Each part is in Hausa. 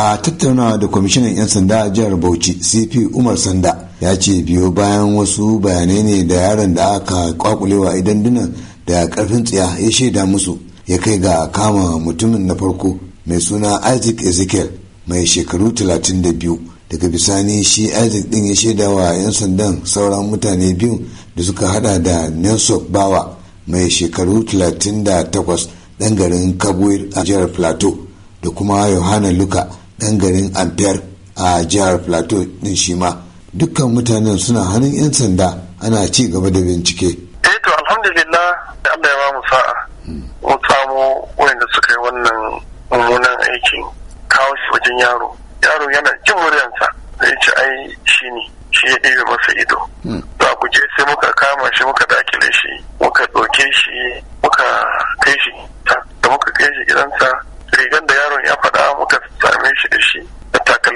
a tattaunawa da kwamishinan 'yan sanda a jihar bauchi cp umar sanda ya ce biyo bayan wasu bayanai ne da yaron da aka kwakulewa idan dunan da karfin tsiya ya shaida musu ya kai ga kama mutumin na farko mai suna isaac ezekiel mai shekaru 32 daga bisani shi isaac din ya shaida wa 'yan sandan sauran mutane biyu da suka hada da nelson bawa mai shekaru 38 ɗan garin kabwe a jihar plateau da kuma yohana luka ɗan garin Ampiyar a jihar Plateau ɗin shi ma. Dukkan mutanen suna hannun 'yan sanda ana ci gaba da bincike. Eh to alhamdulillah da Allah ya ba mu sa'a. Hmm. Mun samu wanda suka yi wannan mummunan aikin kawo shi wajen yaro. Yaro yana jin muryansa zai ci ai shi ne shi ya ɗebe masa ido. Za hmm. ku je sai muka kama shi muka dakile shi muka ɗauke shi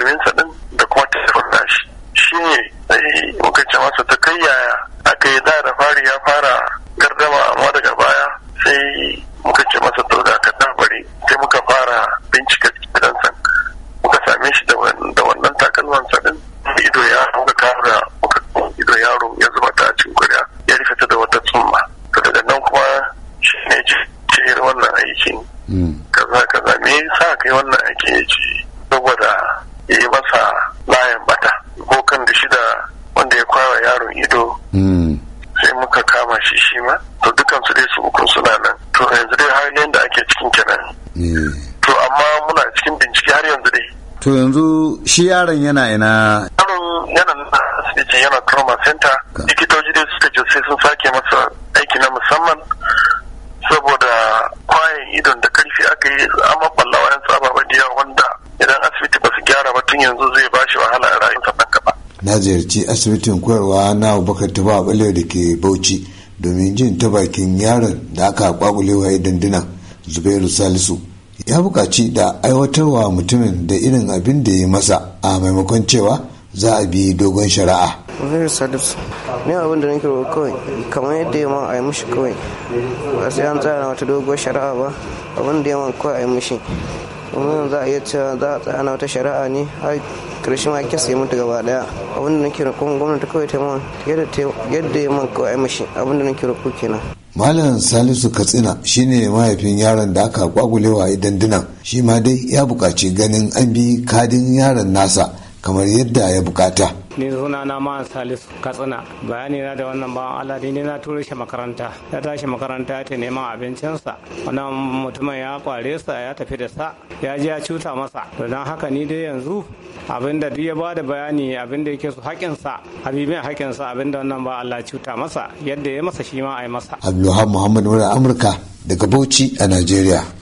sa din da kuma tafiyar nashi shi ne eh, muka ce masa ta kai yaya aka yi da da fari ya fara gardama amma daga baya sai muka ce masa to da ka bari sai muka fara bincika san. muka same shi da wannan takalmansa din ido ya muka kara ido yaro ya zuba ta cikin kuriya ya rufe ta da wata tsumma to daga nan kuma shi ne ce wannan aikin hmm. kaza kaza me yasa kai wannan ya ce sai muka kama shi shi ma to su dai su uku suna nan to yanzu dai har da ake cikin kenan to amma muna cikin bincike har yanzu dai to yanzu shi yaron yana ina yaron yana na asibiti yana trauma center likitoji dai suka ce sai sun sake masa aiki na musamman saboda kwayan idon da karfi aka yi amma ballawa yan tsaba da wanda idan asibiti ba su gyara ba tun yanzu zai ba shi wahala a rayuwa na ziyarci asibitin koyarwa na abubakar tuba balewa da ke bauchi domin jin ta bakin yaron da aka kwakulewa ya dandina zubairu salisu ya buƙaci da aiwatarwa mutumin da irin abin da ya masa a maimakon cewa za a bi dogon shari'a. Zubairu Salisu, ne abin da nake roƙo kawai, kamar yadda ya ma a yi mishi kawai, ba sai an tsara wata dogon shari'a ba, abin da ya ma kawai a yi mishi. kuma za a iya cewa za a tsaya na wata shari'a ne har karshen ake kisa ya mutu gaba daya abinda kira kuma gwamnati kawai ta mun yadda ya man kawai mashi abinda nake ku kenan Malam Salisu Katsina shine mahaifin yaron da aka kwagulewa idan dinan shi ma dai ya buƙaci ganin an bi kadin yaron nasa kamar yadda ya bukata. ni suna na ma salisu katsina bayani na da wannan bawan allah ne na turo shi makaranta ya tashi makaranta ta neman abincinsa wannan mutumin ya kware sa ya tafi da sa ya ji ya cuta masa to don haka ni dai yanzu da duk ya bada bayani da yake su sa habibin abin da wannan ba allah cuta masa yadda ya masa shi ma a yi masa abdulhamid muhammad wani amurka daga bauchi a najeriya